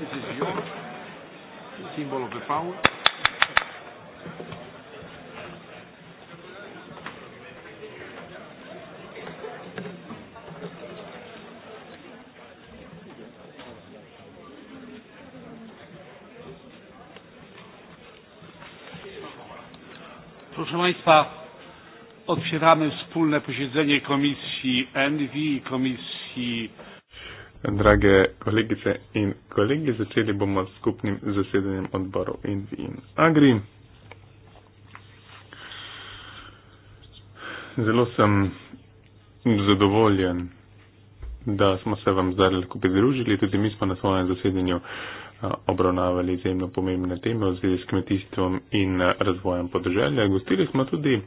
this is your symbol of the power. Proszę Państwa, otwieramy wspólne posiedzenie Komisji NW i Komisji Drage kolegice in kolegi, začeli bomo s skupnim zasedanjem odborov Indi in Agri. Zelo sem zadovoljen, da smo se vam zdaj lahko pridružili. Tudi mi smo na svojem zasedanju obravnavali izjemno pomembne teme v zvezi s kmetijstvom in razvojem podeželja. Gostili smo tudi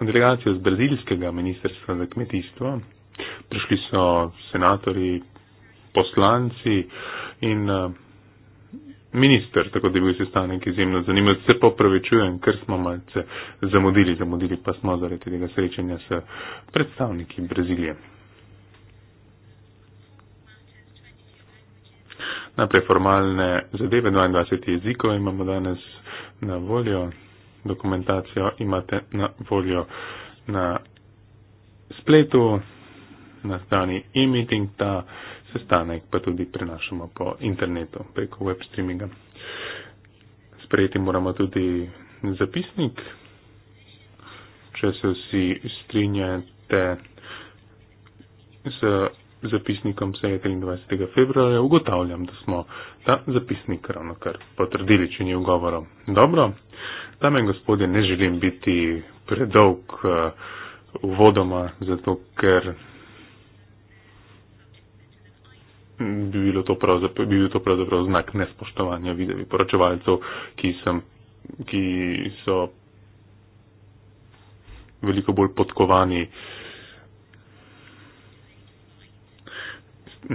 delegacijo z brazilskega ministrstva za kmetijstvo, prišli so senatori, poslanci in eh, minister, tako da je bil sestanek izjemno zanimiv. Se pa opravičujem, ker smo malce zamudili, zamudili pa smo zaradi tega srečanja s predstavniki Brazilije. Najprej formalne zadeve, 22 jezikov imamo danes na voljo, dokumentacijo imate na voljo na spletu nastani e-meeting, ta sestanek pa tudi prenašamo po internetu preko web streaminga. Sprejeti moramo tudi zapisnik, če se vsi strinjate z zapisnikom se je 23. februarja, ugotavljam, da smo ta zapisnik ravno kar potrdili, če ni ugovorom. Dobro, dame in gospodje, ne želim biti predolg uh, eh, vodoma, zato ker bi bilo to pravzaprav, bi bil to pravzaprav znak nespoštovanja videvi poročevalcev, ki, sem, ki so veliko bolj podkovani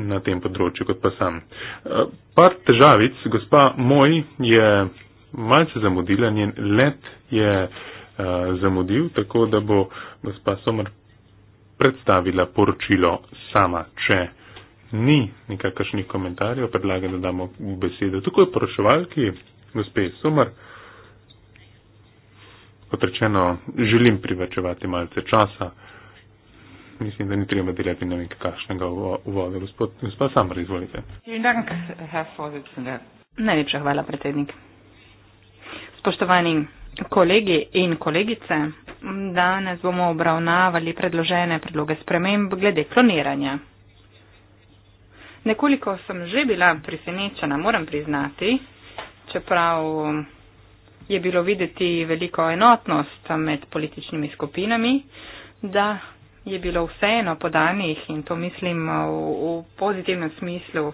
na tem področju kot pa sam. Eh, par težavic, gospa moj, je malce zamudila, njen let je eh, zamudil, tako da bo gospa Somr predstavila poročilo sama, če uh, ni nikakršnih komentarjev, predlagam, da damo v besedo tukaj poročevalki, gospe Sumar. Kot rečeno, želim privrčevati malce časa. Mislim, da ni treba delati na nekaj kakšnega uvode. Gospod, gospod Samar, izvolite. Najlepša hvala, predsednik. Spoštovani kolegi in kolegice, danes bomo obravnavali predložene predloge sprememb glede kloniranja. Nekoliko sem že bila presenečena, moram priznati, čeprav je bilo videti veliko enotnost med političnimi skupinami, da je bilo vseeno podanih in to mislim v, v pozitivnem smislu,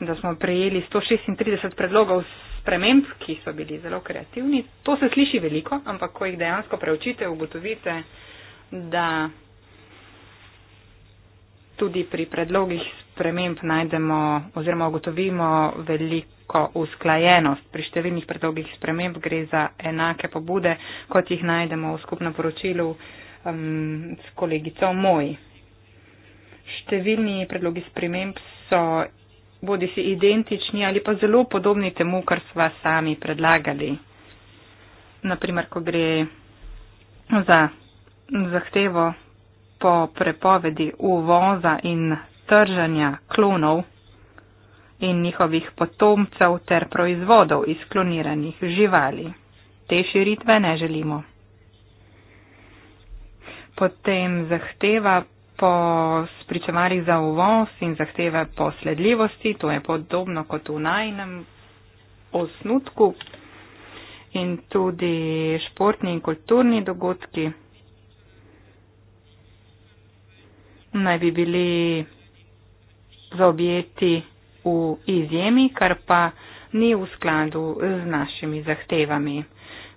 da smo prijeli 136 predlogov sprememb, ki so bili zelo kreativni. To se sliši veliko, ampak ko jih dejansko preučite, ugotovite, da tudi pri predlogih sprememb, sprememb najdemo oziroma ugotovimo veliko usklajenost. Pri številnih predolgih sprememb gre za enake pobude, kot jih najdemo v skupnem poročilu um, s kolegico Moj. Številni predlogi sprememb so bodi si identični ali pa zelo podobni temu, kar sva sami predlagali. Naprimer, ko gre za zahtevo po prepovedi uvoza in trženja klonov in njihovih potomcev ter proizvodov iz kloniranih živali. Te širitve ne želimo. Potem zahteva po spričevalih za uvoz in zahteve po sledljivosti, to je podobno kot v najnem osnutku in tudi športni in kulturni dogodki. Naj bi bili zaobjeti v izjemi, kar pa ni v skladu z našimi zahtevami.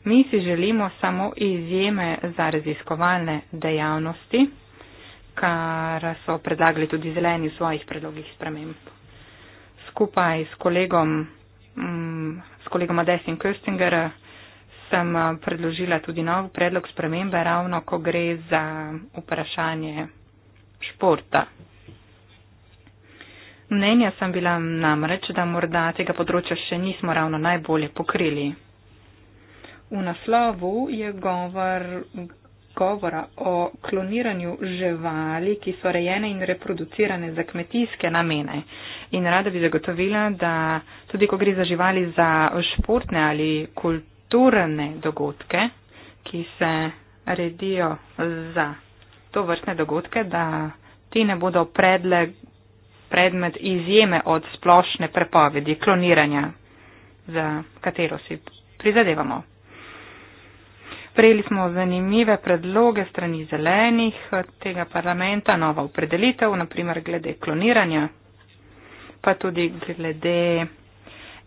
Mi si želimo samo izjeme za raziskovalne dejavnosti, kar so predlagali tudi zeleni v svojih predlogih sprememb. Skupaj s kolegom, mm, s kolegom Adesim Köstinger sem predložila tudi nov predlog spremembe, ravno ko gre za vprašanje športa. Mnenja sem bila namreč, da morda tega področja še nismo ravno najbolje pokrili. V naslovu je govor, govora o kloniranju živali, ki so rejene in reproducirane za kmetijske namene. In rada bi zagotovila, da tudi ko gre za živali za športne ali kulturne dogodke, ki se redijo za to vrstne dogodke, da ti ne bodo predlog predmet izjeme od splošne prepovedi kloniranja, za katero si prizadevamo. Prejeli smo zanimive predloge strani zelenih tega parlamenta, nova opredelitev, naprimer glede kloniranja, pa tudi glede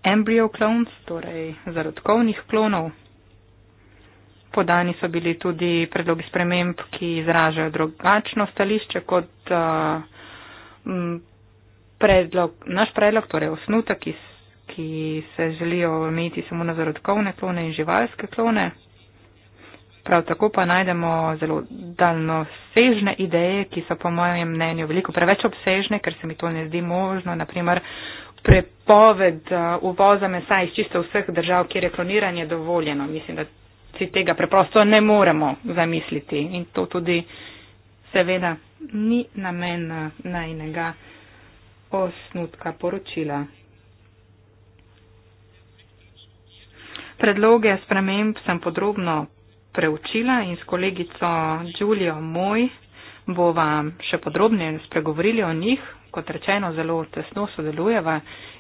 embryo klons, torej zarodkovnih klonov. Podani so bili tudi predlogi sprememb, ki izražajo drugačno stališče kot uh, predlog, naš predlog, torej osnutek, ki, ki se želijo omejiti samo na zarodkovne klone in živalske klone. Prav tako pa najdemo zelo daljnosežne ideje, ki so po mojem mnenju veliko preveč obsežne, ker se mi to ne zdi možno. Naprimer, prepoved uh, uvoza mesa iz čisto vseh držav, kjer je kloniranje dovoljeno. Mislim, da si tega preprosto ne moremo zamisliti. In to tudi seveda ni namen uh, najnega. Na osnutka poročila. Predloge sprememb sem podrobno preučila in s kolegico Julio Moj bo vam še podrobneje spregovorili o njih. Kot rečeno, zelo tesno sodelujeva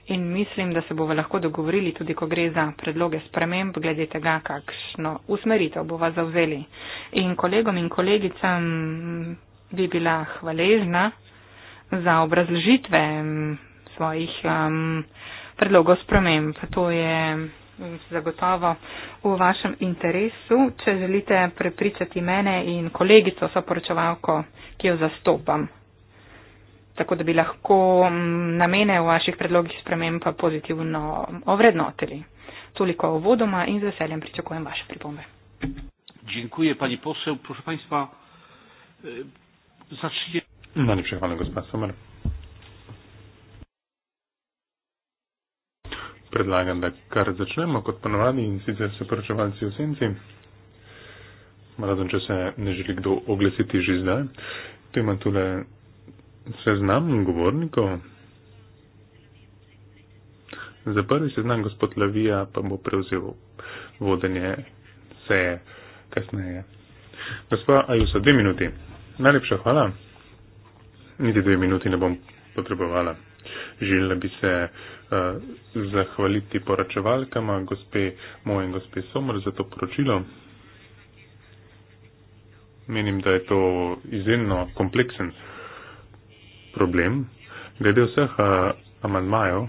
in mislim, da se bova lahko dogovorili tudi, ko gre za predloge sprememb, glede tega, kakšno usmeritev bova zauzeli. In kolegom in kolegicam bi bila hvaležna za obrazložitve mm, svojih um, predlogov sprememb. To je mm, zagotovo v vašem interesu, če želite prepričati mene in kolegico soporočevalko, ki jo zastopam, tako da bi lahko namene v vaših predlogih sprememb pozitivno ovrednotili. Toliko o vodoma in z veseljem pričakujem vaše pripombe. Dziękuję Pani Poseł. Proszę Państwa, e, zacznijmy. Najlepša hvala, gospod Somer. Predlagam, da kar začnemo kot ponovadi in sicer se pričevalci v senci. Razen, če se ne želi kdo oglesiti že zdaj. Tu imam tule seznam govornikov. Za prvi seznam gospod Lavija pa bo prevzel vodenje seje kasneje. Gospod Ajusa, dve minuti. Najlepša hvala. Niti dve minuti ne bom potrebovala. Želela bi se uh, zahvaliti poračevalkama, gospe moje in gospe Somr, za to poročilo. Menim, da je to izjemno kompleksen problem. Glede vseh uh, eh, amantmajev,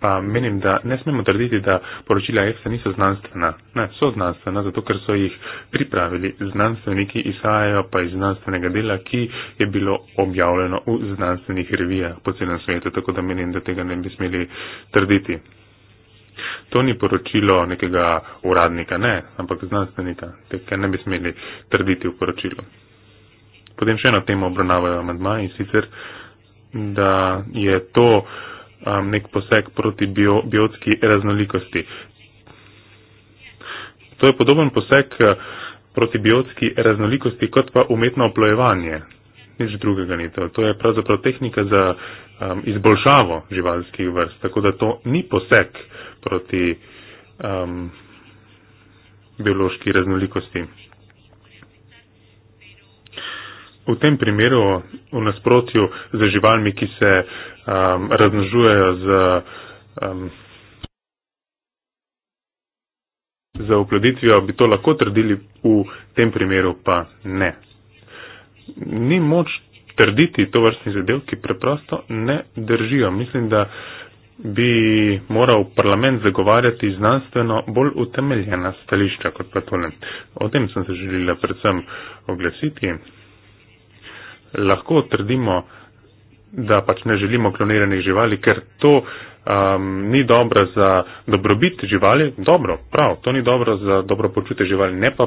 pa menim, da ne smemo trditi, da poročila EFSA niso znanstvena. Ne, so znanstvena, zato ker so jih pripravili znanstveniki, izhajajo pa iz znanstvenega dela, ki je bilo objavljeno v znanstvenih revijah po celem svetu, tako da menim, da tega ne bi smeli trditi. To ni poročilo nekega uradnika, ne, ampak znanstvenika, tega ne bi smeli trditi v poročilu. Potem še eno temo obravnavajo amadma in sicer, da je to uh, um, nek poseg proti bio, biotski raznolikosti. To je podoben poseg uh, proti biotski raznolikosti kot pa umetno oplojevanje. Nič drugega ni to. To je pravzaprav tehnika za um, izboljšavo živalskih vrst. Tako da to ni poseg proti um, biološki raznolikosti. V tem primeru, v nasprotju z živalmi, ki se um, razmnožujejo z, um, z oploditvijo, bi to lahko trdili, v tem primeru pa ne. Ni moč trditi to vrstni zadev, ki preprosto ne držijo. Mislim, da bi moral parlament zagovarjati znanstveno bolj utemeljena stališča kot pa tole. O tem sem se želila predvsem oglasiti. Lahko trdimo, da pač ne želimo kloniranih živali, ker to um, ni dobro za dobrobit živali, dobro, prav, to ni dobro za dobro počutje živali, ne, pa,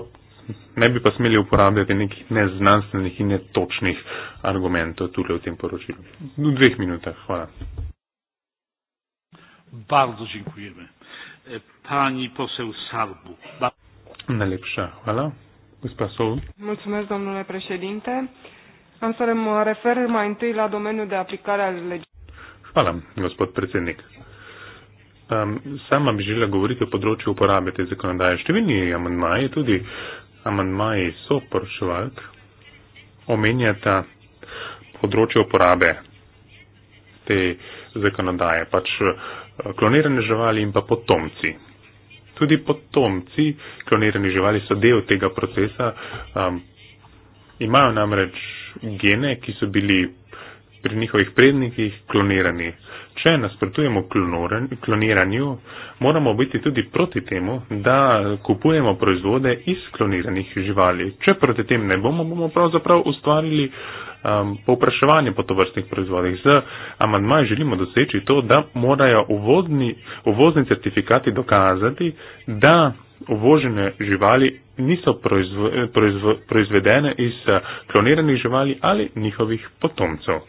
ne bi pa smeli uporabljati nekih neznanstvenih in netočnih argumentov tukaj v tem poročilu. V dveh minutah, hvala. Bardzo dziękujemy. E, pani poseł Sarbu. Ba Najlepsza. Hvala. Gospa Sol. Mulțumesc, domnule președinte. Uh, Am să mă refer mai întâi la domeniul de aplicare al legii. Hvala, gospod predsednik. Um, sam vam želela govoriti o področju uporabe te zakonodaje. Številni amandmaji, tudi amandmaji so poročevalk, omenjata področje uporabe te zakonodaje, pač eh, klonirane živali in pa potomci. Tudi potomci klonirane živali so del tega procesa, um, imajo namreč gene, ki so bili pri njihovih prednikih klonirani. Če nasprotujemo kloniranju, moramo biti tudi proti temu, da kupujemo proizvode iz kloniranih živali. Če proti tem ne bomo, bomo pravzaprav ustvarili uh, um, povpraševanje po tovrstnih proizvodih. Z amandmaj želimo doseči to, da morajo uvozni, uvozni certifikati dokazati, da uvožene živali niso proizv, proizv, proizvedene iz uh, kloniranih živali ali njihovih potomcev.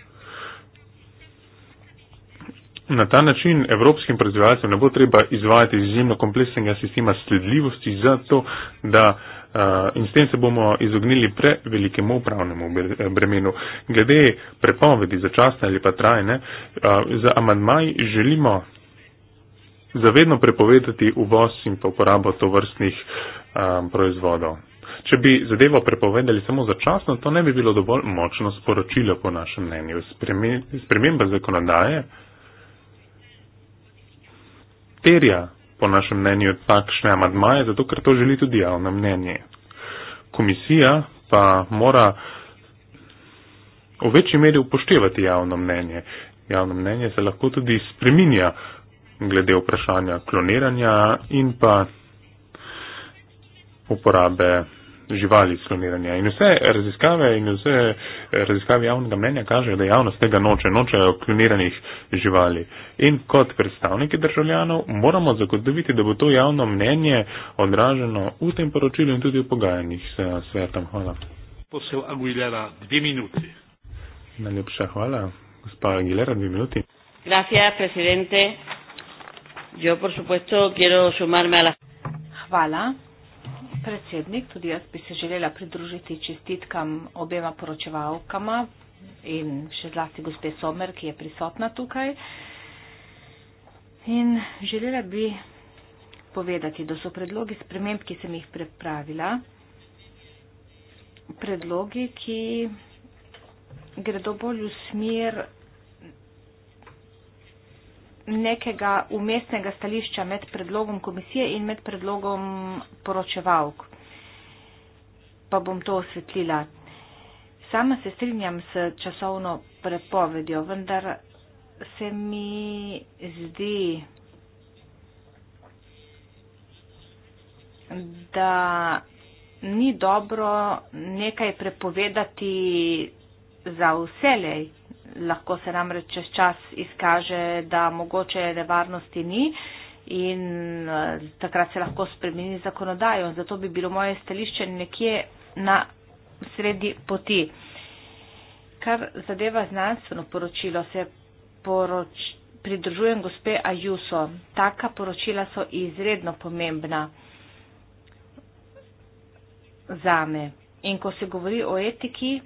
Na ta način evropskim proizvajalcem ne bo treba izvajati izjemno kompleksnega sistema sledljivosti za to, da uh, Eh, in s tem se bomo izognili prevelikemu upravnemu bremenu. Glede prepovedi začasne ali pa trajne, eh, za amandmaj želimo zavedno prepovedati uvoz in pa uporabo tovrstnih eh, proizvodov. Če bi zadevo prepovedali samo začasno, to ne bi bilo dovolj močno sporočilo po našem mnenju. Spremembe zakonodaje terja po našem mnenju takšne amadmaje, zato ker to želi tudi javno mnenje. Komisija pa mora v večji meri upoštevati javno mnenje. Javno mnenje se lahko tudi spreminja glede vprašanja kloniranja in pa uporabe živali skloniranja. In vse raziskave in vse raziskave javnega mnenja kažejo, da javnost tega noče, nočejo kloniranih živali. In kot predstavniki državljanov moramo zagotoviti, da bo to javno mnenje odraženo v tem poročilu in tudi v pogajanjih s eh, svetom. Hvala. Posel Aguilera, dve minuti. Najlepša hvala. Gospa Aguilera, dve minuti. Gracias, presidente. Yo, por supuesto, quiero sumarme a la. Hvala predsednik, tudi jaz bi se želela pridružiti čestitkam obema poročevalkama in še zlasti gospe Somer, ki je prisotna tukaj. In želela bi povedati, da so predlogi sprememb, ki sem jih pripravila, predlogi, ki gredo bolj v smer nekega umestnega stališča med predlogom komisije in med predlogom poročevalk. Pa bom to osvetlila. Sama se strinjam s časovno prepovedjo, vendar se mi zdi, da ni dobro nekaj prepovedati za vselej lahko se namreč čez čas izkaže, da mogoče nevarnosti ni in eh, takrat se lahko spremeni zakonodajo. Zato bi bilo moje stališče nekje na sredi poti. Kar zadeva znanstveno poročilo, se poroč, pridružujem gospe Ajuso. Taka poročila so izredno pomembna za me. In ko se govori o etiki,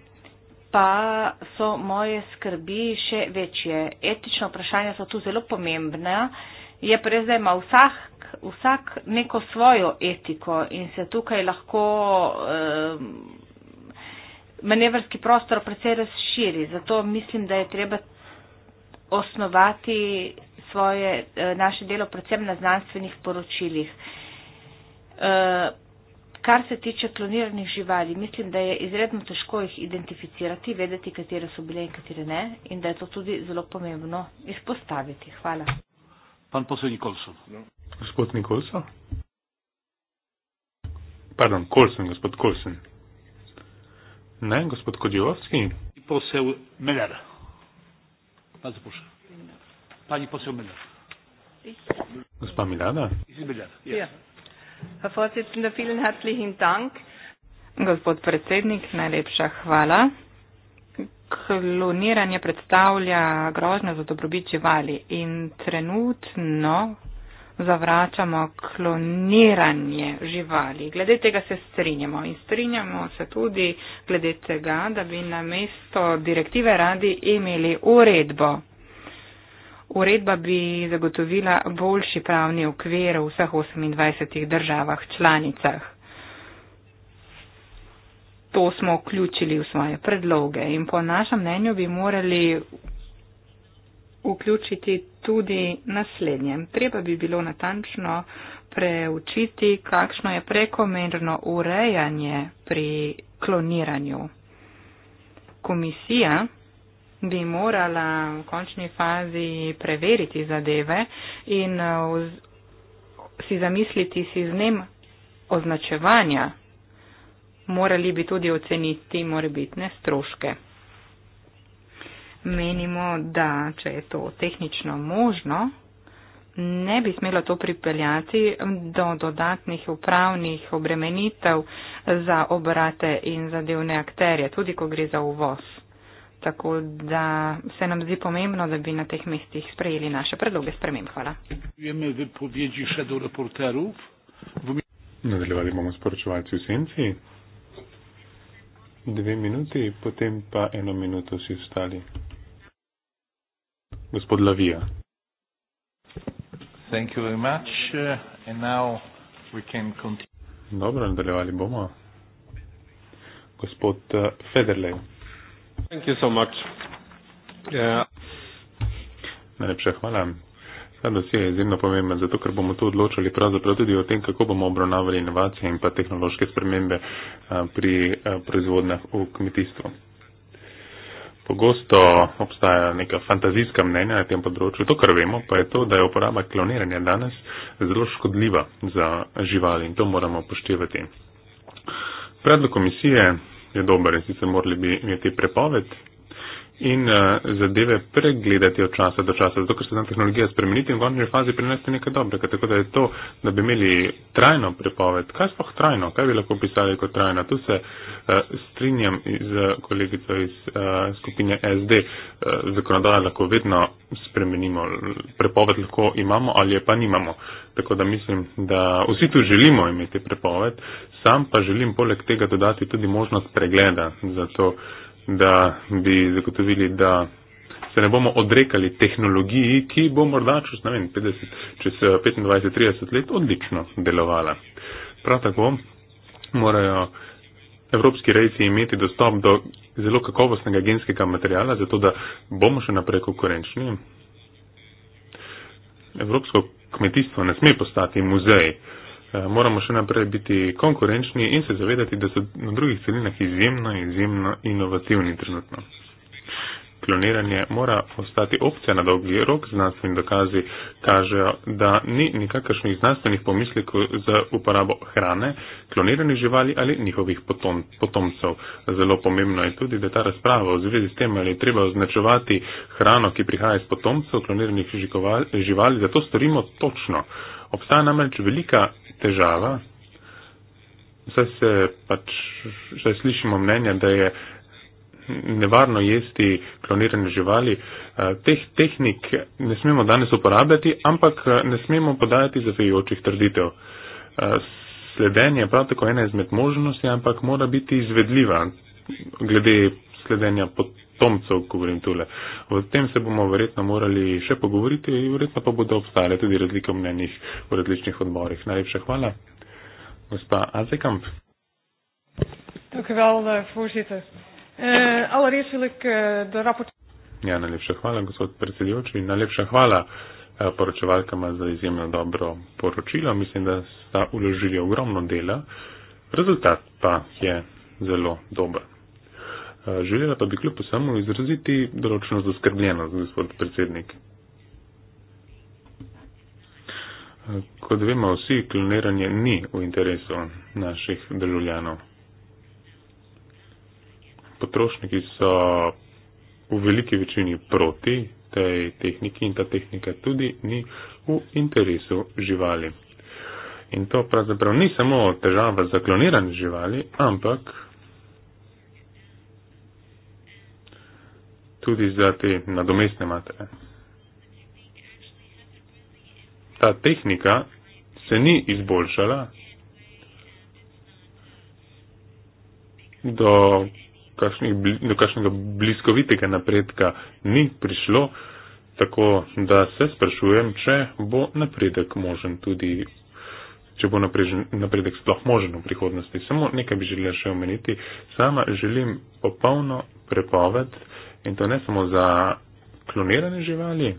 pa so moje skrbi še večje. Etična vprašanja so tu zelo pomembna. Je pa res, da ima vsak, vsak neko svojo etiko in se tukaj lahko eh, manevrski prostor precej razširi. Zato mislim, da je treba osnovati svoje, eh, naše delo predvsem na znanstvenih poročilih. Eh, Kar se tiče kloniranih živali, mislim, da je izredno težko jih identificirati, vedeti, katere so bile in katere ne, in da je to tudi zelo pomembno izpostaviti. Hvala. Pan poslednji Kolson. No. Gospod Nikolson. Pardon, Kolson, gospod Kolson. Ne, gospod Kodjovski. Posel Meller. Pa zapušča. Pani posel Meller. Gospa Milana. Izmeljar. Ja. ja. Herr Vorsitzender, vielen herzlichen Dank. Gospod predsednik, najlepša hvala. Kloniranje predstavlja grožnjo za dobrobit živali in trenutno zavračamo kloniranje živali. Glede tega se strinjamo in strinjamo se tudi glede tega, da bi na mesto direktive radi imeli uredbo. Uredba bi zagotovila boljši pravni okvir v vseh 28 državah članicah. To smo vključili v svoje predloge in po našem mnenju bi morali vključiti tudi naslednje. Treba bi bilo natančno preučiti, kakšno je prekomerno urejanje pri kloniranju. Komisija bi morala v končni fazi preveriti zadeve in eh, vz, si zamisliti si z njem označevanja. Morali bi tudi oceniti morebitne stroške. Menimo, da če je to tehnično možno, ne bi smelo to pripeljati do dodatnih upravnih obremenitev za obrate in zadevne akterje, tudi ko gre za uvoz. Tako da se nam zdi pomembno, da bi na teh mestih sprejeli naše predloge sprememb. Hvala. Nadaljevali bomo s poročevalci v senci. Dve minuti, potem pa eno minuto vsi ostali. Gospod Lavija. Uh, Dobro, nadaljevali bomo. Gospod uh, Federlej. Thank you so much. Najlepša yeah. hvala. Ta dosje je izjemno pomemben, zato ker bomo tu odločili pravzaprav tudi o tem, kako bomo obravnavali inovacije in pa tehnološke spremembe pri proizvodnjah v kmetijstvu. Pogosto obstaja neka fantazijska mnenja na tem področju. To, kar vemo, pa je to, da je uporaba kloniranja danes zelo škodljiva za živali in to moramo poštevati. Predlog komisije je dober in sicer morali bi imeti prepoved in uh, zadeve pregledati od časa do časa, zato ker se tam tehnologija spremeniti in v končni fazi prinesti nekaj dobrega. Tako da je to, da bi imeli trajno prepoved. Kaj sploh trajno? Kaj bi lahko pisali kot trajno? Tu se uh, strinjam z eh, kolegico iz uh, skupine SD. Uh, zakonodaja lahko vedno spremenimo. Prepoved lahko imamo ali je pa nimamo. Tako da mislim, da vsi tu želimo imeti prepoved. Sam pa želim poleg tega dodati tudi možnost pregleda za to. Uh, da bi zagotovili, da se ne bomo odrekali tehnologiji, ki bo morda čez, ne vem, 50, čez 25, eh, 30 let odlično delovala. Prav tako morajo evropski rejci imeti dostop do zelo kakovostnega genskega materijala, zato da bomo še naprej konkurenčni. Evropsko kmetijstvo ne sme postati muzej. Uh, Eh, moramo še naprej biti konkurenčni in se zavedati, da so na drugih celinah izjemno, izjemno inovativni trenutno. Kloniranje mora ostati opcija na dolgi rok, znanstveni dokazi kažejo, da ni nikakršnih znanstvenih pomislekov za uporabo hrane, kloniranih živali ali njihovih potom, potomcev. Zelo pomembno je tudi, da ta razprava v zvezi s tem, ali je treba označevati hrano, ki prihaja iz potomcev kloniranih živali, zato storimo točno. Obstaja namreč velika težava. Zdaj se pač še slišimo mnenja, da je nevarno jesti klonirane živali. Eh, teh tehnik ne smemo danes uporabljati, ampak eh, ne smemo podajati zavejočih trditev. Eh, sledenje prav tako ena izmed možnosti, ampak mora biti izvedljiva glede sledenja pod potomcev, govorim tule. O tem se bomo verjetno morali še pogovoriti in verjetno pa bodo obstale tudi razlike v mnenjih v različnih odborih. Najlepša hvala. Gospa Azekamp. Eh, eh, eh, ja, najlepša hvala, gospod predsedujoči. Najlepša hvala poročevalkama za izjemno dobro poročilo. Mislim, da sta uložili ogromno dela. Rezultat pa je zelo dober. Želela pa bi kljub vsemu izraziti določeno zaskrbljenost, gospod predsednik. Kot vemo vsi, kloniranje ni v interesu naših državljanov. Potrošniki so v veliki večini proti tej tehniki in ta tehnika tudi ni v interesu živali. In to pravzaprav ni samo težava za kloniranje živali, ampak tudi za te nadomestne matere. Ta tehnika se ni izboljšala do, kakšnih, do kakšnega bliskovitega napredka ni prišlo, tako da se sprašujem, če bo napredek možen tudi, če bo napredek sploh možen v prihodnosti. Samo nekaj bi želela še omeniti. Sama želim popolno prepoved in to ne samo za klonirane živali,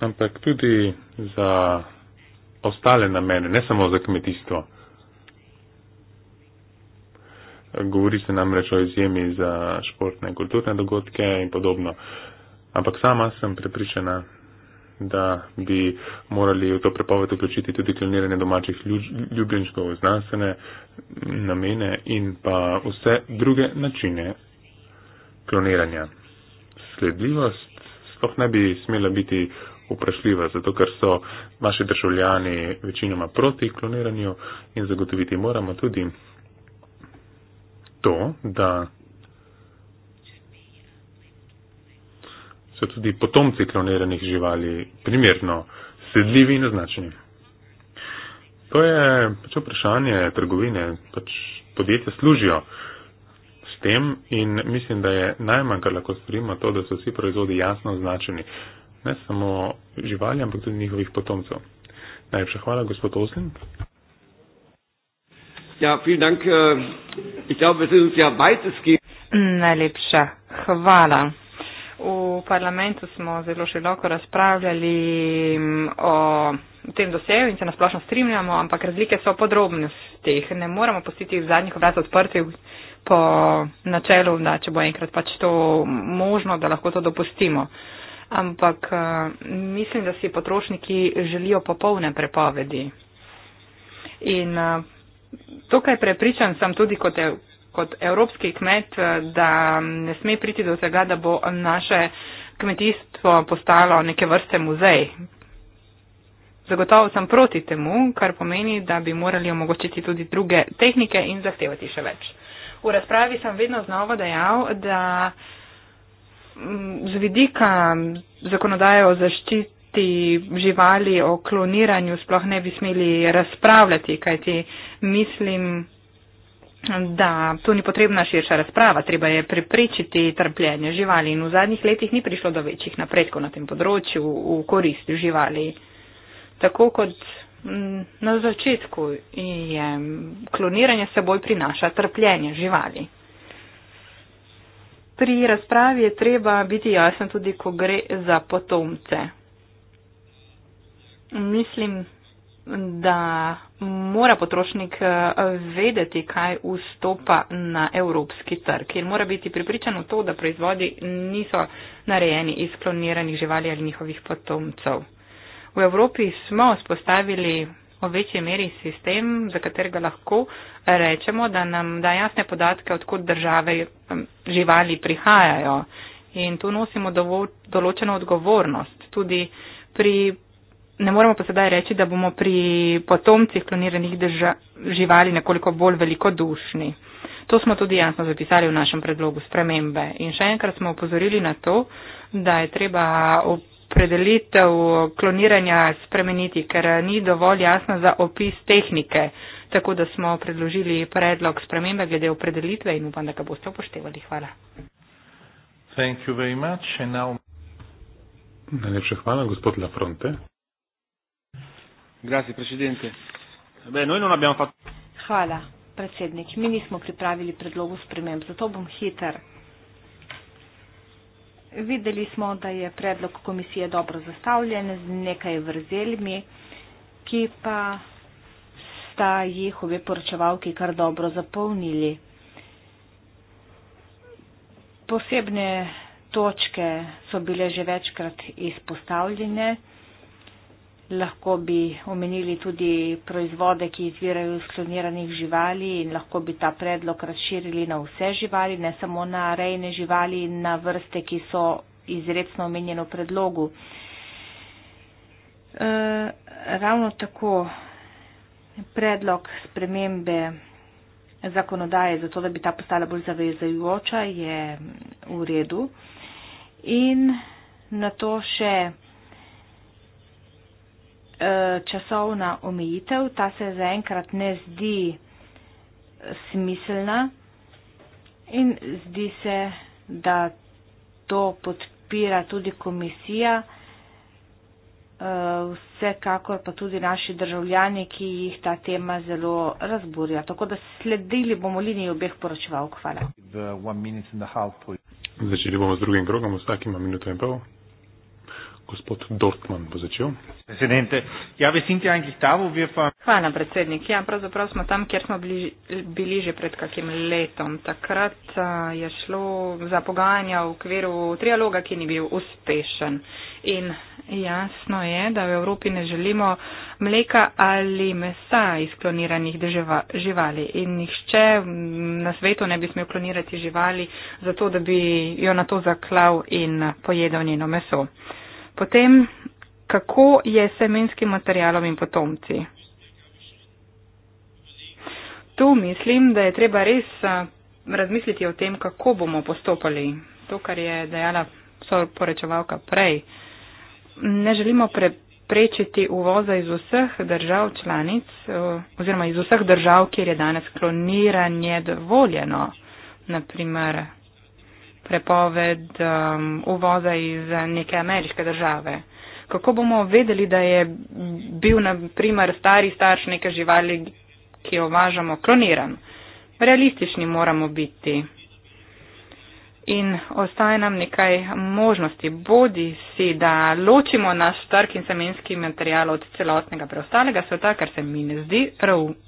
ampak tudi za ostale namene, ne samo za kmetijstvo. Govori se namreč o izjemi za športne in kulturne dogodke in podobno. Ampak sama sem prepričana, da bi morali v to prepoved vključiti tudi kloniranje domačih ljubljenčkov, znanstvene namene in pa vse druge načine kloniranja. Sledljivost sploh ne bi smela biti vprašljiva, zato ker so naši državljani večinoma proti kloniranju in zagotoviti moramo tudi to, da so tudi potomci kloniranih živali primerno sedljivi in označeni. To je pač vprašanje trgovine, pač podjetja služijo uh, tem in mislim, da je najmanj, kar lahko storimo, to, da so vsi proizvodi jasno označeni, ne samo živali, ampak tudi njihovih potomcev. Najlepša hvala, gospod Oslin. Ja, vielen Dank. Äh, ich glaube, wir sind uns ja weitestgehend. Najlepša hvala. V parlamentu smo zelo široko razpravljali mm, o tem doseju in se nasplošno strinjamo, ampak razlike so podrobnosti. Ne moremo pustiti zadnjih obrazov odprtih po načelu, da če bo enkrat pač to možno, da lahko to dopustimo. Ampak eh, mislim, da si potrošniki želijo popolne prepovedi. In eh, tukaj prepričan sem tudi kot, ev, kot evropski kmet, eh, da ne sme priti do tega, da bo naše kmetijstvo postalo neke vrste muzej. Zagotovo sem proti temu, kar pomeni, da bi morali omogočiti tudi druge tehnike in zahtevati še več v razpravi sem vedno znova dejal, da mm, z vidika zakonodaje o zaščiti živali, o kloniranju sploh ne bi smeli razpravljati, kajti mislim, da to ni potrebna širša razprava, treba je preprečiti trpljenje živali in v zadnjih letih ni prišlo do večjih napredkov na tem področju v korist živali. Tako kot Mm, na začetku je kloniranje seboj prinaša trpljenje živali. Pri razpravi je treba biti jasen tudi, ko gre za potomce. Mislim, da mora potrošnik eh, vedeti, kaj vstopa na evropski trg in mora biti pripričan v to, da proizvodi niso narejeni iz kloniranih živali ali njihovih potomcev. V Evropi smo spostavili v večji meri sistem, za katerega lahko rečemo, da nam da jasne podatke, odkud države živali prihajajo. In tu nosimo dovo, določeno odgovornost. Tudi pri, ne moremo pa sedaj reči, da bomo pri potomcih kloniranih drža, živali nekoliko bolj velikodušni. To smo tudi jasno zapisali v našem predlogu spremembe. In še enkrat smo upozorili na to, da je treba opredelitev kloniranja spremeniti, ker eh, ni dovolj jasna za opis tehnike. Tako da smo predložili predlog spremembe glede opredelitve in upam, da ga boste upoštevali. Hvala. Now... Najlepša hvala, gospod Lafronte. Grazie, presidente. Beh, noi non abbiamo fatto... Hvala, predsednik. Mi nismo pripravili predlogu sprememb, zato bom hiter. Videli smo, da je predlog komisije dobro zastavljen z nekaj vrzeljmi, ki pa sta jih obe poročevalki kar dobro zapolnili. Posebne točke so bile že večkrat izpostavljene lahko bi omenili tudi proizvode, ki izvirajo iz kloniranih živali in lahko bi ta predlog razširili na vse živali, ne samo na rejne živali in na vrste, ki so izredno omenjeno predlogu. E, ravno tako predlog spremembe zakonodaje, zato da bi ta postala bolj zavezajoča, je v redu. In na to še Eh, časovna omejitev, ta se zaenkrat ne zdi eh, smiselna in zdi se, da to podpira tudi komisija, eh, vsekakor pa tudi naši državljani, ki jih ta tema zelo razburja. Tako da sledili bomo liniji obeh poročevalk. Hvala. Začeli bomo z drugim krogom, vsak ima minuto in pol gospod Dortman bo začel. Ja, tavo, pa... Hvala, predsednik. Ja, pravzaprav smo tam, kjer smo bili, bili že pred kakim letom. Takrat a, je šlo za pogajanja v okviru trialoga, ki ni bil uspešen. In jasno je, da v Evropi ne želimo mleka ali mesa iz kloniranih država, živali. In nihče na svetu ne bi smel klonirati živali, zato da bi jo na to zaklal in pojedel njeno meso. Potem, kako je s semenskim materialom in potomci? Tu mislim, da je treba res razmisliti o tem, kako bomo postopali. To, kar je dejala porečevalka prej. Ne želimo preprečiti uvoza iz vseh držav članic oziroma iz vseh držav, kjer je danes kloniranje dovoljeno. Naprimer, prepoved um, uvoza iz neke ameriške države. Kako bomo vedeli, da je bil, na primer, stari starš neke živali, ki jo važamo, kloniran? Realistični moramo biti in ostaje nam nekaj možnosti. Bodi si, da ločimo naš trg in semenski material od celotnega preostalega sveta, kar se mi ne zdi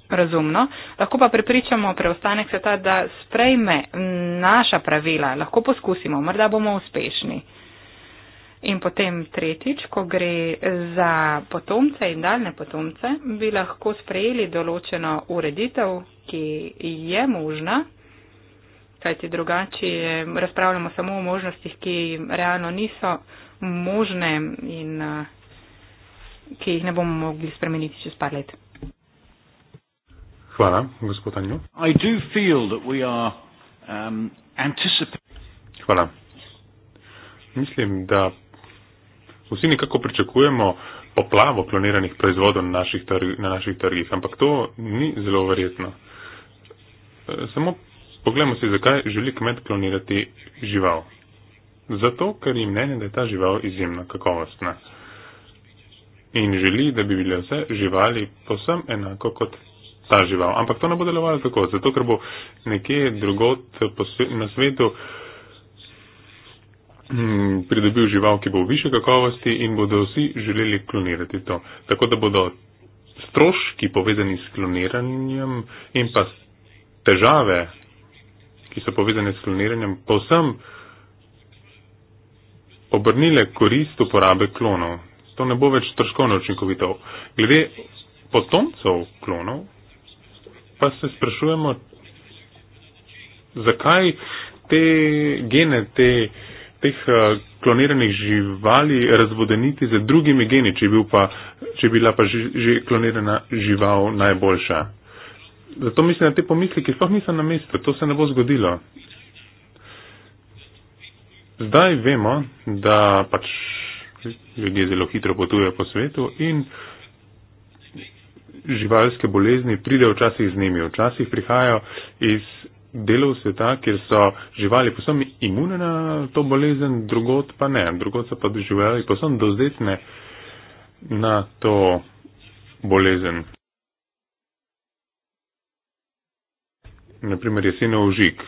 razumno, lahko pa prepričamo preostanek sveta, da sprejme naša pravila, lahko poskusimo, morda bomo uspešni. In potem tretjič, ko gre za potomce in daljne potomce, bi lahko sprejeli določeno ureditev, ki je možna kajti drugače razpravljamo samo o možnostih, ki realno niso možne in eh, ki jih ne bomo mogli spremeniti čez par let. Hvala, gospod Anjo. Um, Hvala. Mislim, da vsi nekako pričakujemo poplavo kloniranih proizvodov na naših, trg, na naših trgih, ampak to ni zelo verjetno. Eh, samo Poglejmo si, zakaj želi kmet klonirati žival. Zato, ker jim mnenje, da je ta žival izjemno kakovostna. In želi, da bi bile vse živali posem enako kot ta žival. Ampak to ne bo delovalo tako, zato ker bo nekje drugot na svetu mm, pridobil žival, ki bo v više kakovosti in bodo vsi želeli klonirati to. Tako da bodo stroški povezani s kloniranjem in pa težave ki so povezane s kloniranjem, povsem obrnile korist uporabe klonov. To ne bo več troškovno učinkovito. Glede potomcev klonov pa se sprašujemo, zakaj te gene, te, teh eh, kloniranih živali razvodeniti z drugimi geni, če, bil pa, če bila pa že, že klonirana žival najboljša. Zato mislim na te pomisleke, sploh niso na mestu, to se ne bo zgodilo. Zdaj vemo, da pač ljudje zelo hitro potujejo po svetu in živalske bolezni pridejo včasih z njimi, včasih prihajajo iz delov sveta, kjer so živali posem imune na to bolezen, drugot pa ne, drugot so pa doživljali posem dozdetne na to bolezen. naprimer jesenov žik,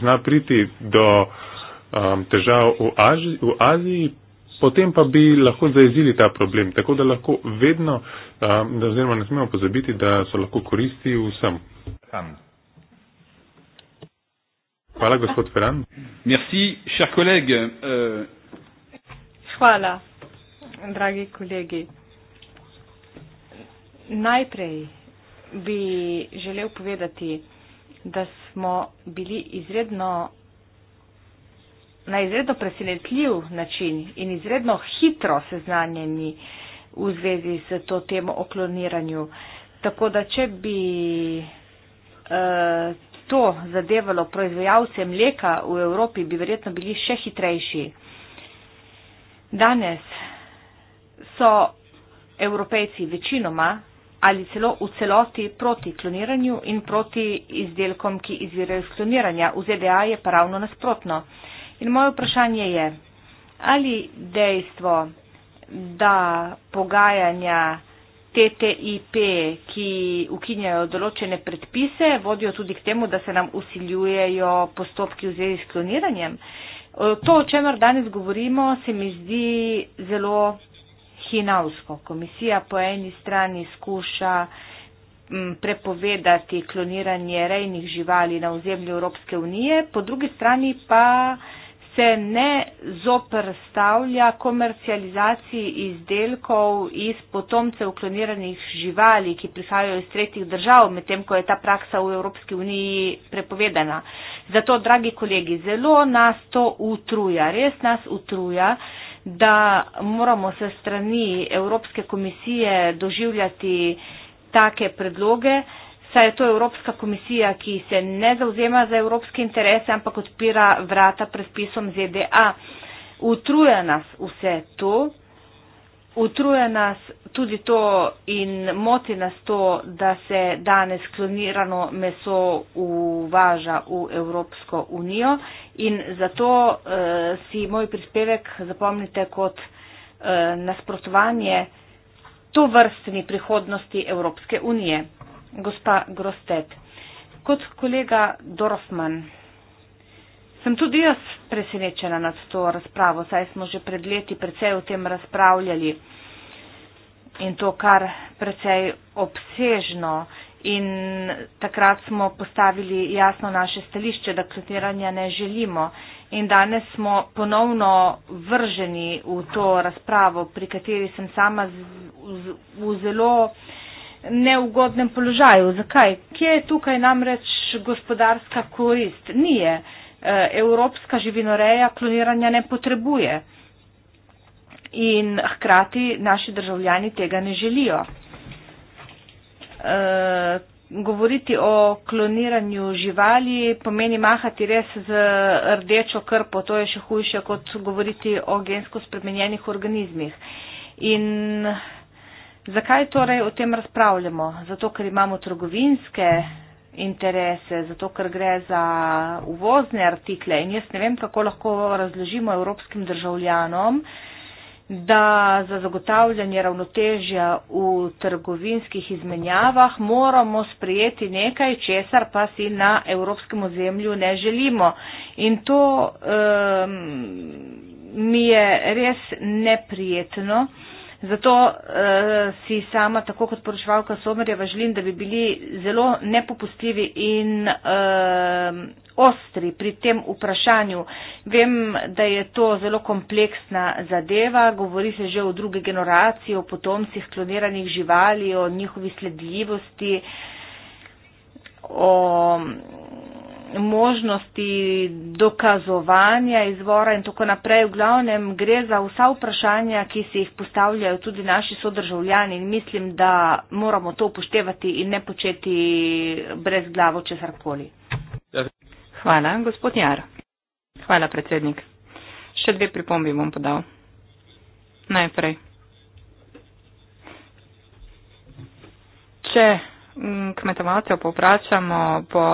zna priti do um, težav v, Aži, v Aziji, potem pa bi lahko zaezili ta problem. Tako da lahko vedno, um, oziroma ne smemo pozabiti, da so lahko koristi vsem. Hvala, gospod Ferran. Merci, cher kolege. Uh... Hvala, dragi kolegi. Najprej bi želel povedati, da smo bili izredno, na izredno presenetljiv način in izredno hitro seznanjeni v zvezi s to temo o kloniranju. Tako da, če bi eh, to zadevalo proizvajalce mleka v Evropi, bi verjetno bili še hitrejši. Danes so evropejci večinoma ali celo v celoti proti kloniranju in proti izdelkom, ki izvirajo iz kloniranja. V ZDA je pa ravno nasprotno. In moje vprašanje je, ali dejstvo, da pogajanja TTIP, ki ukinjajo določene predpise, vodijo tudi k temu, da se nam usiljujejo postopki v zvezi s kloniranjem. To, o čemer danes govorimo, se mi zdi zelo hinavsko. Komisija po eni strani skuša mm, prepovedati kloniranje rejnih živali na ozemlju Evropske unije, po drugi strani pa se ne zoprstavlja komercializaciji izdelkov iz potomcev kloniranih živali, ki prihajajo iz tretjih držav, medtem ko je ta praksa v Evropski uniji prepovedana. Zato, dragi kolegi, zelo nas to utruja, res nas utruja da moramo se strani Evropske komisije doživljati take predloge, saj je to Evropska komisija, ki se ne zauzema za evropske interese, ampak odpira vrata predpisom ZDA. Utruja nas vse to, Utruje nas tudi to in moti nas to, da se danes klonirano meso uvaža v Evropsko unijo in zato uh, si moj prispevek zapomnite kot uh, nasprotovanje to vrstni prihodnosti Evropske unije. Gospa Grostet, kot kolega Dorfman. Sem tudi jaz presenečena nad to razpravo, saj smo že pred leti precej o tem razpravljali in to kar precej obsežno. In takrat smo postavili jasno naše stališče, da kloniranja ne želimo. In danes smo ponovno vrženi v to razpravo, pri kateri sem sama v zelo neugodnem položaju. Zakaj? Kje je tukaj namreč gospodarska korist? Nije. Eh, evropska živinoreja kloniranja ne potrebuje. In hkrati naši državljani tega ne želijo. E, govoriti o kloniranju živali pomeni mahati res z rdečo krpo, to je še hujše kot govoriti o gensko spremenjenih organizmih. In zakaj torej o tem razpravljamo? Zato, ker imamo trgovinske interese, zato ker gre za uvozne artikle in jaz ne vem, kako lahko razložimo evropskim državljanom, da za zagotavljanje ravnotežja v trgovinskih izmenjavah moramo sprejeti nekaj, česar pa si na evropskem ozemlju ne želimo. In to um, mi je res neprijetno. Zato uh, si sama, tako kot poročevalka Somerjeva, želim, da bi bili zelo nepopustljivi in uh, ostri pri tem vprašanju. Vem, da je to zelo kompleksna zadeva, govori se že o druge generacije, o potomcih kloniranih živali, o njihovi sledljivosti, o možnosti dokazovanja izvora in tako naprej. V glavnem gre za vsa vprašanja, ki si jih postavljajo tudi naši sodržavljani in mislim, da moramo to upoštevati in ne početi brez glavo česarkoli. Hvala, gospod Jar. Hvala, predsednik. Še dve pripombi bom podal. Najprej. Če Mm, kmetovalce povračamo po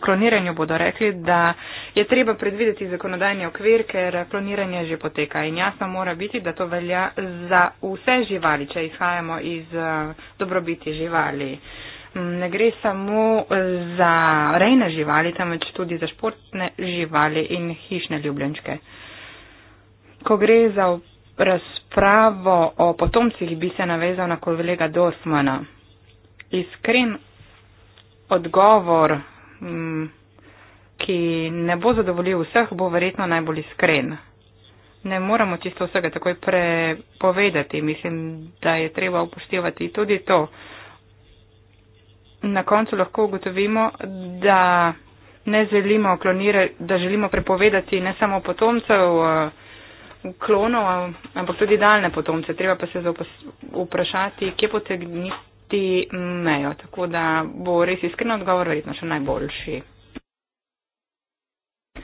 kloniranju, bodo rekli, da je treba predvideti zakonodajni okvir, ker kloniranje že poteka. In jasno mora biti, da to velja za vse živali, če izhajamo iz eh, dobrobiti živali. Mm, ne gre samo za rejne živali, temveč tudi za športne živali in hišne ljubljenčke. Ko gre za razpravo o potomcih, bi se navezal na kolega Dosmana iskren odgovor, mm, ki ne bo zadovoljil vseh, bo verjetno najbolj iskren. Ne moramo čisto vsega takoj prepovedati. Mislim, da je treba upoštevati tudi to. Na koncu lahko ugotovimo, da ne želimo klonirati, da želimo prepovedati ne samo potomcev eh, klonov, ampak tudi daljne potomce. Treba pa se vprašati, kje potegniti prečkati mejo. Tako da bo res iskren odgovor verjetno še najboljši.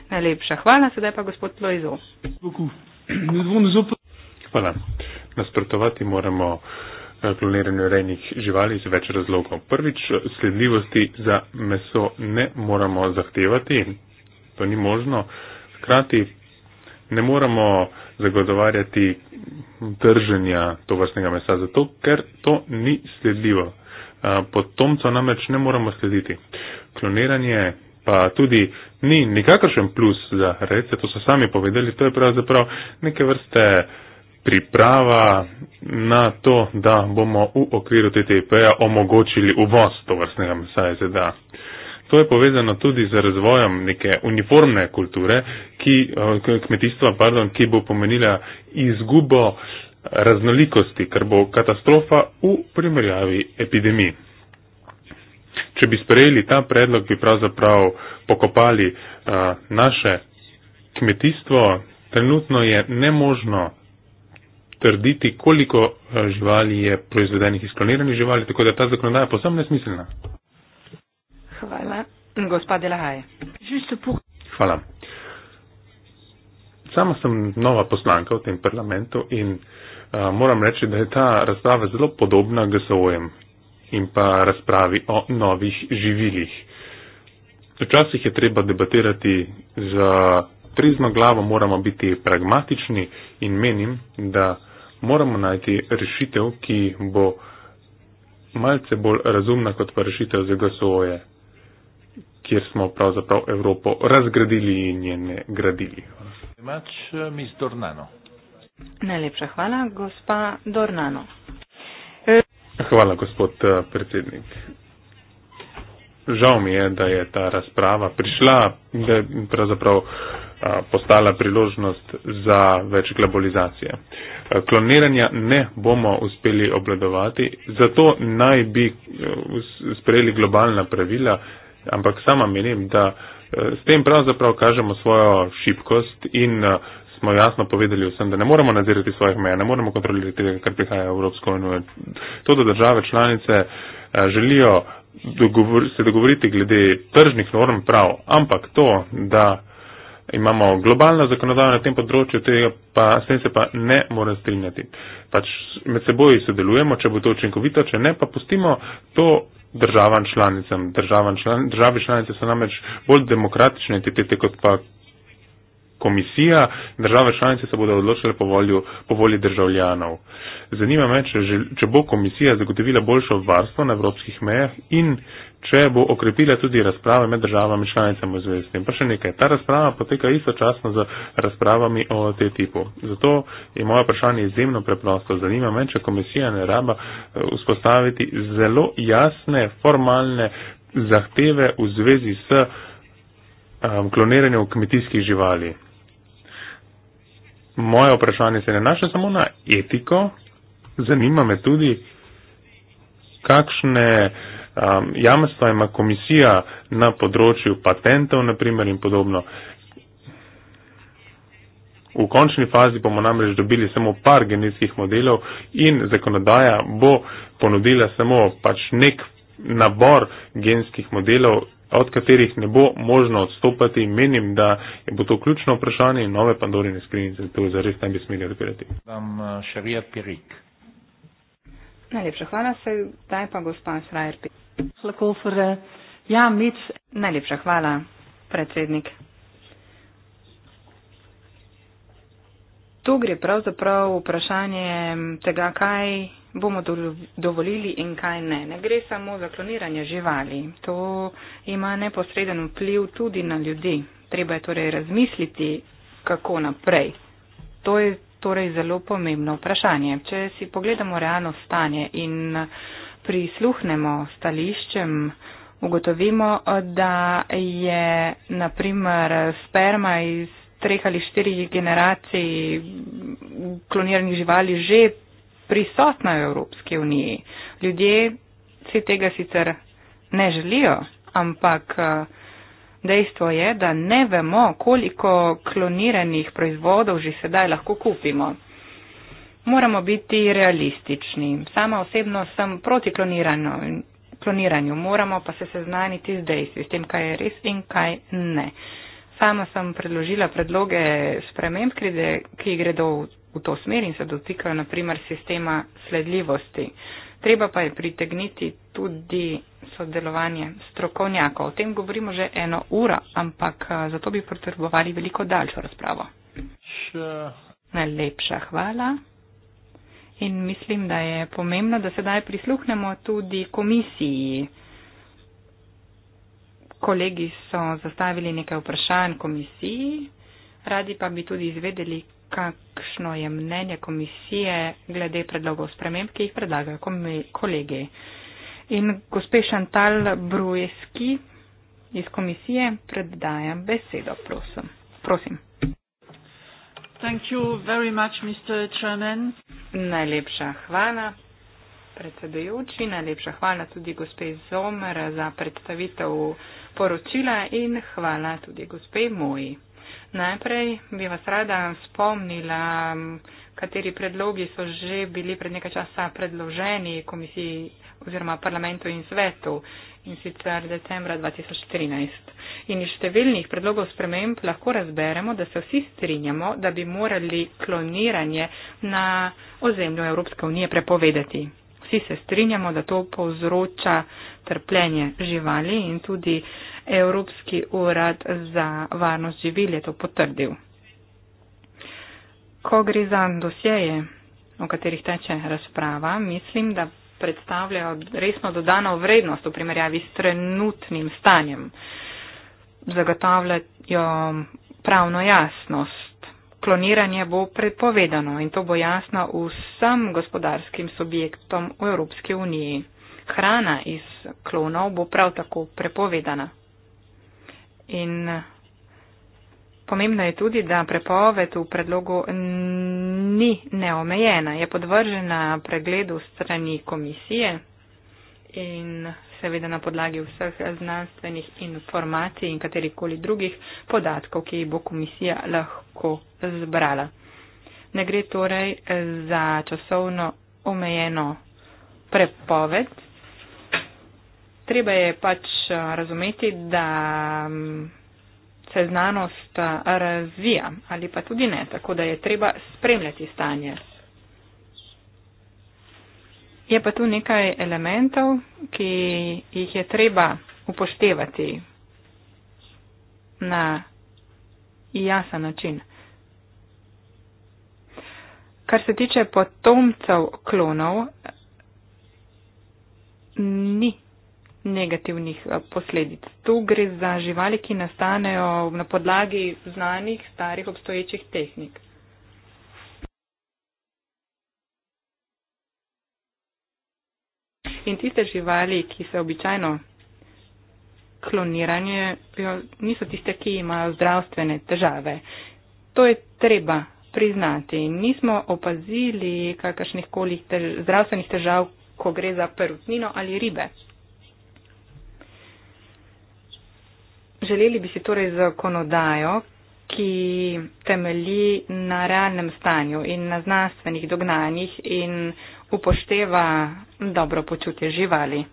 Najlepša hvala, sedaj pa gospod Lojzo. Hvala. Nasprotovati moramo eh, kloniranju rejnih živali iz več razlogov. Prvič, sledljivosti za meso ne moramo zahtevati, to ni možno. Hkrati ne moramo zagovarjati drženja tovrstnega mesa, zato ker to ni sledljivo. Potomcev namreč ne moramo slediti. Kloniranje pa tudi ni nikakršen plus za rejce, to so sami povedali, to je pravzaprav neke vrste priprava na to, da bomo v okviru TTIP-ja omogočili uvoz tovrstnega mesa iz ZDA. To je povezano tudi z razvojem neke uniformne kulture, ki, eh, kmetijstva, pardon, ki bo pomenila izgubo raznolikosti, kar bo katastrofa v primerjavi epidemiji. Če bi sprejeli ta predlog, bi pravzaprav pokopali uh, naše kmetijstvo. Trenutno je nemožno trditi, koliko eh, živali je proizvedenih iz kloniranih živali, tako da ta zakonodaja je posebno nesmiselna. Gospa Delahaj. Hvala. Sama sem nova poslanka v tem parlamentu in uh, moram reči, da je ta razprava zelo podobna GSO-jem in pa razpravi o novih živilih. Včasih je treba debatirati z trezno glavo, moramo biti pragmatični in menim, da moramo najti rešitev, ki bo malce bolj razumna kot pa rešitev za GSO-je kjer smo pravzaprav Evropo razgradili in je ne gradili. Eh, Najlepša hvala, gospa Dornano. Hvala, gospod eh, predsednik. Žal mi je, da je ta razprava prišla, da je pravzaprav eh, postala priložnost za več globalizacije. Kloniranja ne bomo uspeli obledovati, zato naj bi sprejeli globalna pravila, ampak sama menim, da eh, s tem pravzaprav kažemo svojo šibkost in eh, smo jasno povedali vsem, da ne moramo nadzirati svojih meja, ne moramo kontrolirati tega, kar prihaja v Evropsko unijo. To, da države članice eh, želijo dogovor, se dogovoriti glede tržnih norm prav, ampak to, da imamo globalno zakonodajo na tem področju, tega pa s tem se pa ne more strinjati. Pač med seboj sodelujemo, če bo to učinkovito, če ne, pa pustimo to državam članicam. Državam član, države članice so namreč bolj demokratične entitete kot pa komisija. Države članice se bodo odločile po, volju, po volji državljanov. Zanima me, če, če bo komisija zagotovila boljšo varstvo na evropskih mejah in če bo okrepila tudi razprave med državami članicami v zvezi s tem. Pa še nekaj, ta razprava poteka istočasno z razpravami o tej tipu. Zato je moje vprašanje izjemno preprosto. Zanima me, če komisija ne raba eh, vzpostaviti zelo jasne, formalne zahteve v zvezi s um, kloniranjem kmetijskih živali. Moje vprašanje se ne naša samo na etiko, zanima me tudi, kakšne um, jamstva ima komisija na področju patentov naprimer in podobno. V končni fazi bomo namreč dobili samo par genetskih modelov in zakonodaja bo ponudila samo pač nek nabor genskih modelov, od katerih ne bo možno odstopati. Menim, da je bo to ključno vprašanje in nove pandorine skrinice. To zares ne bi smeli odpirati. Vam šarija eh, pirik. Najlepša hvala, se zdaj pa gospa Srajer Pekofer. Eh, ja, Mic, najlepša hvala, predsednik. Tu gre pravzaprav vprašanje tega, kaj bomo dovolili in kaj ne. Ne gre samo za kloniranje živali. To ima neposreden vpliv tudi na ljudi. Treba je torej razmisliti, kako naprej. To je torej zelo pomembno vprašanje. Če si pogledamo realno stanje in prisluhnemo stališčem, ugotovimo, da je naprimer sperma iz treh ali štirih generacij kloniranih živali že prisotna v Evropski uniji. Ljudje si tega sicer ne želijo, ampak uh, Dejstvo je, da ne vemo, koliko kloniranih proizvodov že sedaj lahko kupimo. Moramo biti realistični. Sama osebno sem proti kloniranju, moramo pa se seznaniti z dejstvi, s tem, kaj je res in kaj ne. Sama sem predložila predloge sprememb, ki gredo v to smer in se dotikajo naprimer sistema sledljivosti. Treba pa je pritegniti tudi sodelovanje strokovnjakov. O tem govorimo že eno uro, ampak eh, zato bi potrebovali veliko daljšo razpravo. Še... Najlepša hvala. In mislim, da je pomembno, da sedaj prisluhnemo tudi komisiji. Kolegi so zastavili nekaj vprašanj komisiji, radi pa bi tudi izvedeli, kakšno je mnenje komisije glede predlogov sprememb, ki jih predlagajo kolegi. In gospe Šantal Brujeski iz komisije predajam besedo, prosim. prosim. Thank you very much, Mr. Chairman. Najlepša hvala, predsedujoči, najlepša hvala tudi gospe Zomer za predstavitev poročila in hvala tudi gospe Moji. Najprej bi vas rada spomnila, kateri predlogi so že bili pred nekaj časa predloženi komisiji oziroma parlamentu in svetu in sicer decembra 2013. In iz številnih predlogov sprememb lahko razberemo, da se vsi strinjamo, da bi morali kloniranje na ozemlju Evropske unije prepovedati. Vsi se strinjamo, da to povzroča trpljenje živali in tudi uh, Evropski urad za varnost živil je to potrdil. Ko gre za dosjeje, o katerih teče razprava, mislim, da predstavljajo resno dodano vrednost v primerjavi s trenutnim stanjem. Zagotavljajo pravno jasnost. Kloniranje bo prepovedano in to bo jasno vsem gospodarskim subjektom v Evropski uniji. Hrana iz klonov bo prav tako prepovedana. In eh, pomembno je tudi, da prepoved v predlogu ni neomejena, je podvržena pregledu strani komisije in seveda na podlagi vseh znanstvenih informacij in katerikoli drugih podatkov, ki jih bo komisija lahko zbrala. Ne gre torej za časovno omejeno prepoved, treba je pač eh, razumeti, da mm, se znanost eh, razvija ali pa tudi ne, tako da je treba spremljati stanje. Je pa tu nekaj elementov, ki jih je treba upoštevati na jasen način. Kar se tiče potomcev klonov, ni negativnih eh, posledic. Tu gre za živali, ki nastanejo na podlagi znanih, starih, obstoječih tehnik. In tiste živali, ki se običajno klonirajo, niso tiste, ki imajo zdravstvene težave. To je treba priznati. Nismo opazili kakršnih koli tež zdravstvenih težav, ko gre za perutnino ali ribe. Želeli bi si torej zakonodajo, ki temelji na realnem stanju in na znanstvenih dognanjih in upošteva dobro počutje živali.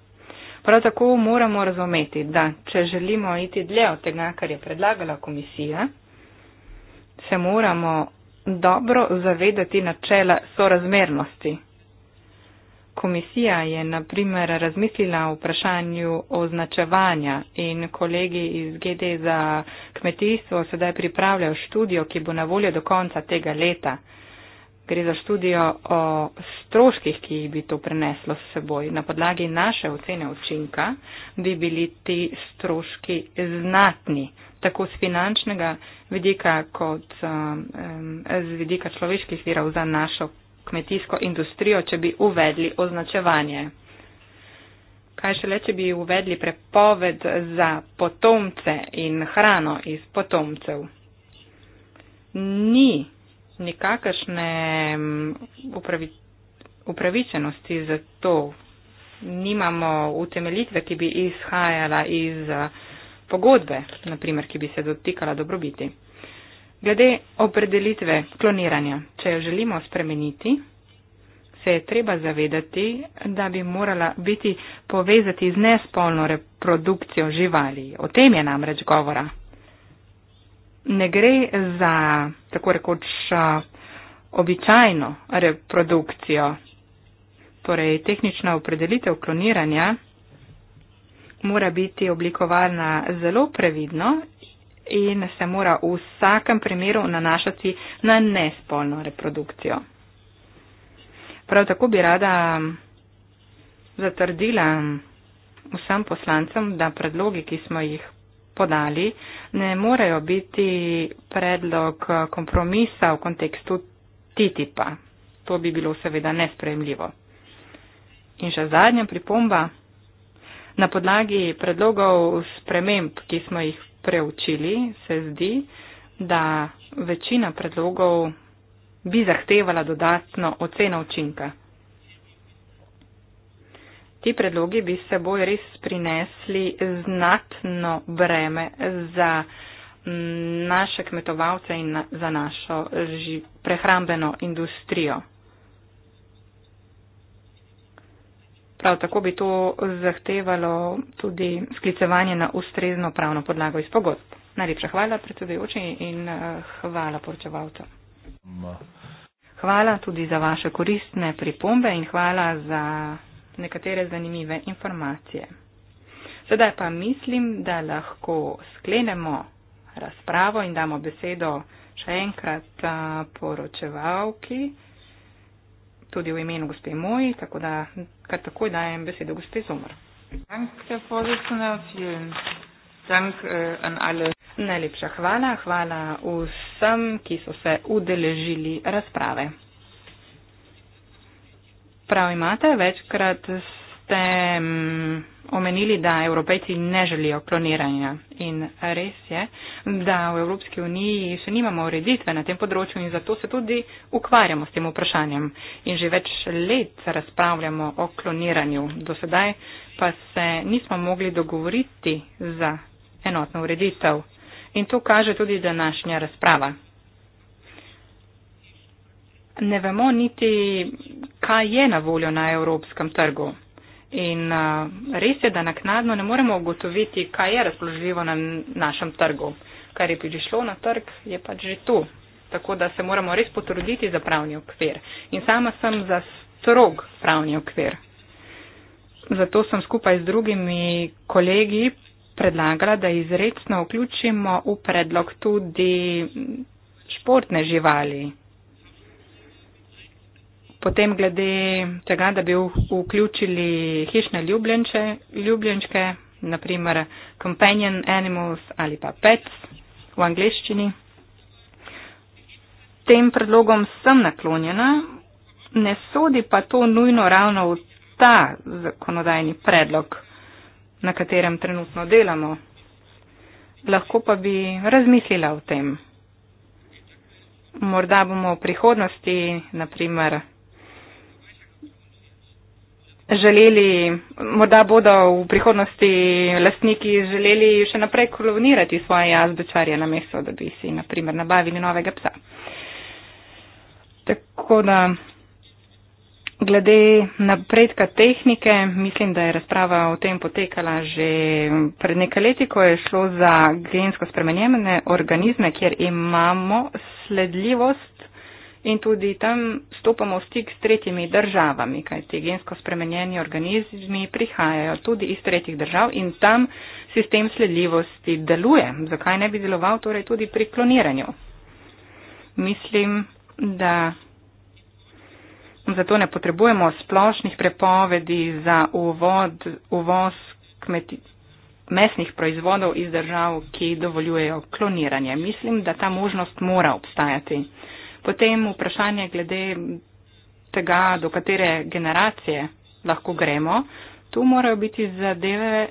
Prav tako moramo razumeti, da če želimo iti dlje od tega, kar je predlagala komisija, se moramo dobro zavedati načela sorazmernosti. Komisija je na primer razmislila o vprašanju označevanja in kolegi iz GD za kmetijstvo sedaj pripravljajo študijo, ki bo na voljo do konca tega leta. Gre za študijo o stroških, ki bi to preneslo s seboj. Na podlagi naše ocene učinka bi bili ti stroški znatni, tako z finančnega vidika kot um, um z vidika človeških virov za našo kmetijsko industrijo, če bi uvedli označevanje. Kaj šele, če bi uvedli prepoved za potomce in hrano iz potomcev? Ni nikakršne mm, upravi, upravičenosti za to. Nimamo utemelitve, ki bi izhajala iz eh, pogodbe, naprimer, ki bi se dotikala dobrobiti. Glede opredelitve kloniranja, če jo želimo spremeniti, se je treba zavedati, da bi morala biti povezati z nespolno reprodukcijo živali. O tem je namreč govora. Ne gre za tako rekoč običajno reprodukcijo. Torej, tehnična opredelitev kloniranja mora biti oblikovana zelo previdno in se mora v vsakem primeru nanašati na nespolno reprodukcijo. Prav tako bi rada zatrdila vsem poslancem, da predlogi, ki smo jih podali, ne morejo biti predlog kompromisa v kontekstu TTIP-a. To bi bilo seveda nespremljivo. In še zadnja pripomba. Na podlagi predlogov sprememb, ki smo jih preučili, se zdi, da večina predlogov bi zahtevala dodatno oceno učinka. Ti predlogi bi seboj res prinesli znatno breme za naše kmetovalce in za našo prehrambeno industrijo. Prav tako bi to zahtevalo tudi sklicevanje na ustrezno pravno podlago iz pogodb. Najlepša hvala predsedujoči in eh, hvala poročevalcem. Hvala tudi za vaše koristne pripombe in hvala za nekatere zanimive informacije. Sedaj pa mislim, da lahko sklenemo razpravo in damo besedo še enkrat eh, poročevalki tudi v imenu gospe Moji, tako da kar takoj dajem besedo gospe Zomr. Äh, Najlepša hvala, hvala vsem, ki so se udeležili razprave. Prav imate, večkrat ste mm, omenili, da evropejci ne želijo kloniranja. In res je, da v Evropski uniji še nimamo ureditve na tem področju in zato se tudi ukvarjamo s tem vprašanjem. In že več let razpravljamo o kloniranju. Do sedaj pa se nismo mogli dogovoriti za enotno ureditev. In to kaže tudi današnja razprava. Ne vemo niti, kaj je na voljo na evropskem trgu. In res je, da naknadno ne moremo ugotoviti, kaj je razpoložljivo na našem trgu. Kar je prišlo na trg, je pač že tu. Tako da se moramo res potruditi za pravni okvir. In sama sem za strog pravni okvir. Zato sem skupaj z drugimi kolegi predlagala, da izredno vključimo v predlog tudi športne živali, Potem glede tega, da bi vključili hišne ljubljenče, ljubljenčke, naprimer companion animals ali pa pets v angliščini. Tem predlogom sem naklonjena, ne sodi pa to nujno ravno v ta zakonodajni predlog, na katerem trenutno delamo. Lahko pa bi razmislila o tem. Morda bomo v prihodnosti, naprimer, želeli, morda bodo v prihodnosti lastniki želeli še naprej kolonirati svoje jazbečarje na mesto, da bi si, naprimer, nabavili novega psa. Tako da, glede napredka tehnike, mislim, da je razprava o tem potekala že pred nekaj leti, ko je šlo za gensko spremenjene organizme, kjer imamo sledljivost in tudi tam stopamo v stik s tretjimi državami, kajti gensko spremenjeni organizmi prihajajo tudi iz tretjih držav in tam sistem sledljivosti deluje. Zakaj ne bi deloval torej tudi pri kloniranju? Mislim, da zato ne potrebujemo splošnih prepovedi za uvod, uvoz kmeti, mesnih proizvodov iz držav, ki dovoljujejo kloniranje. Mislim, da ta možnost mora obstajati. Potem vprašanje glede tega, do katere generacije lahko gremo. Tu morajo biti zadeve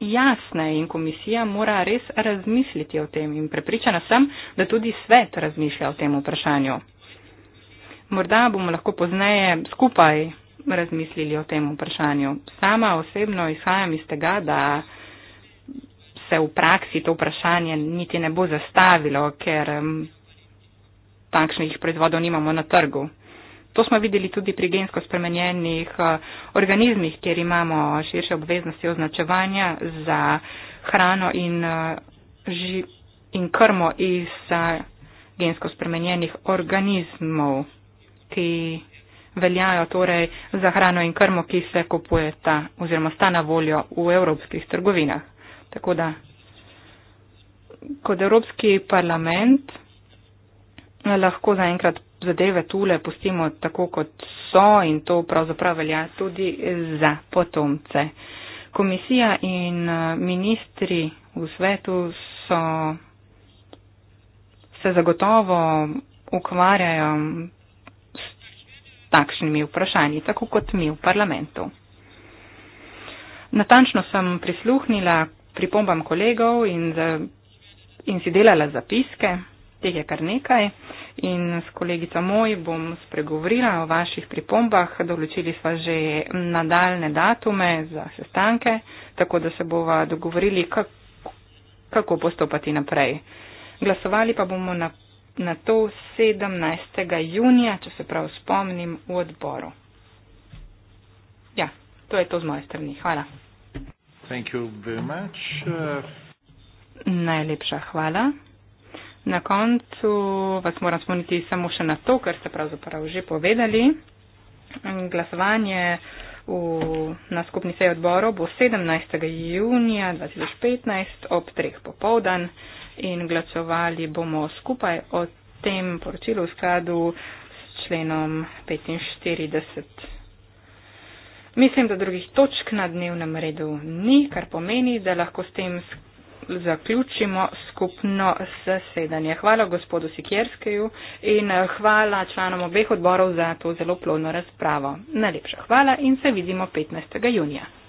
jasne in komisija mora res razmisliti o tem in prepričana sem, da tudi svet razmišlja o tem vprašanju. Morda bomo lahko pozneje skupaj razmislili o tem vprašanju. Sama osebno izhajam iz tega, da se v praksi to vprašanje niti ne bo zastavilo, ker takšnih proizvodov nimamo na trgu. To smo videli tudi pri gensko spremenjenih eh, organizmih, kjer imamo širše obveznosti označevanja za hrano in, eh, ži, in krmo iz eh, gensko spremenjenih organizmov, ki veljajo torej za hrano in krmo, ki se kupujeta oziroma sta na voljo v evropskih trgovinah. Tako da, kot Evropski parlament lahko zaenkrat zadeve tule pustimo tako, kot so in to pravzaprav velja tudi za potomce. Komisija in eh, ministri v svetu so, se zagotovo ukvarjajo s takšnimi vprašanji, tako kot mi v parlamentu. Natančno sem prisluhnila pripombam kolegov in, in si delala zapiske, teh je kar nekaj in s kolegico moj bom spregovorila o vaših pripombah. Določili smo že nadaljne datume za sestanke, tako da se bova dogovorili, kako, kako postopati naprej. Glasovali pa bomo na, na to 17. junija, če se prav spomnim, v odboru. Ja, to je to z moje strani. Hvala. Najlepša hvala. Na koncu vas moram spomniti samo še na to, kar ste pravzaprav že povedali. Glasovanje v, na skupni sej odboro bo 17. junija 2015 ob 3. popovdan in glasovali bomo skupaj o tem poročilu v skladu s členom 45. Mislim, da drugih točk na dnevnem redu ni, kar pomeni, da lahko s tem skladu zaključimo skupno zasedanje. Hvala gospodu Sikerskeju in hvala članom obeh odborov za to zelo plodno razpravo. Najlepša hvala in se vidimo 15. junija.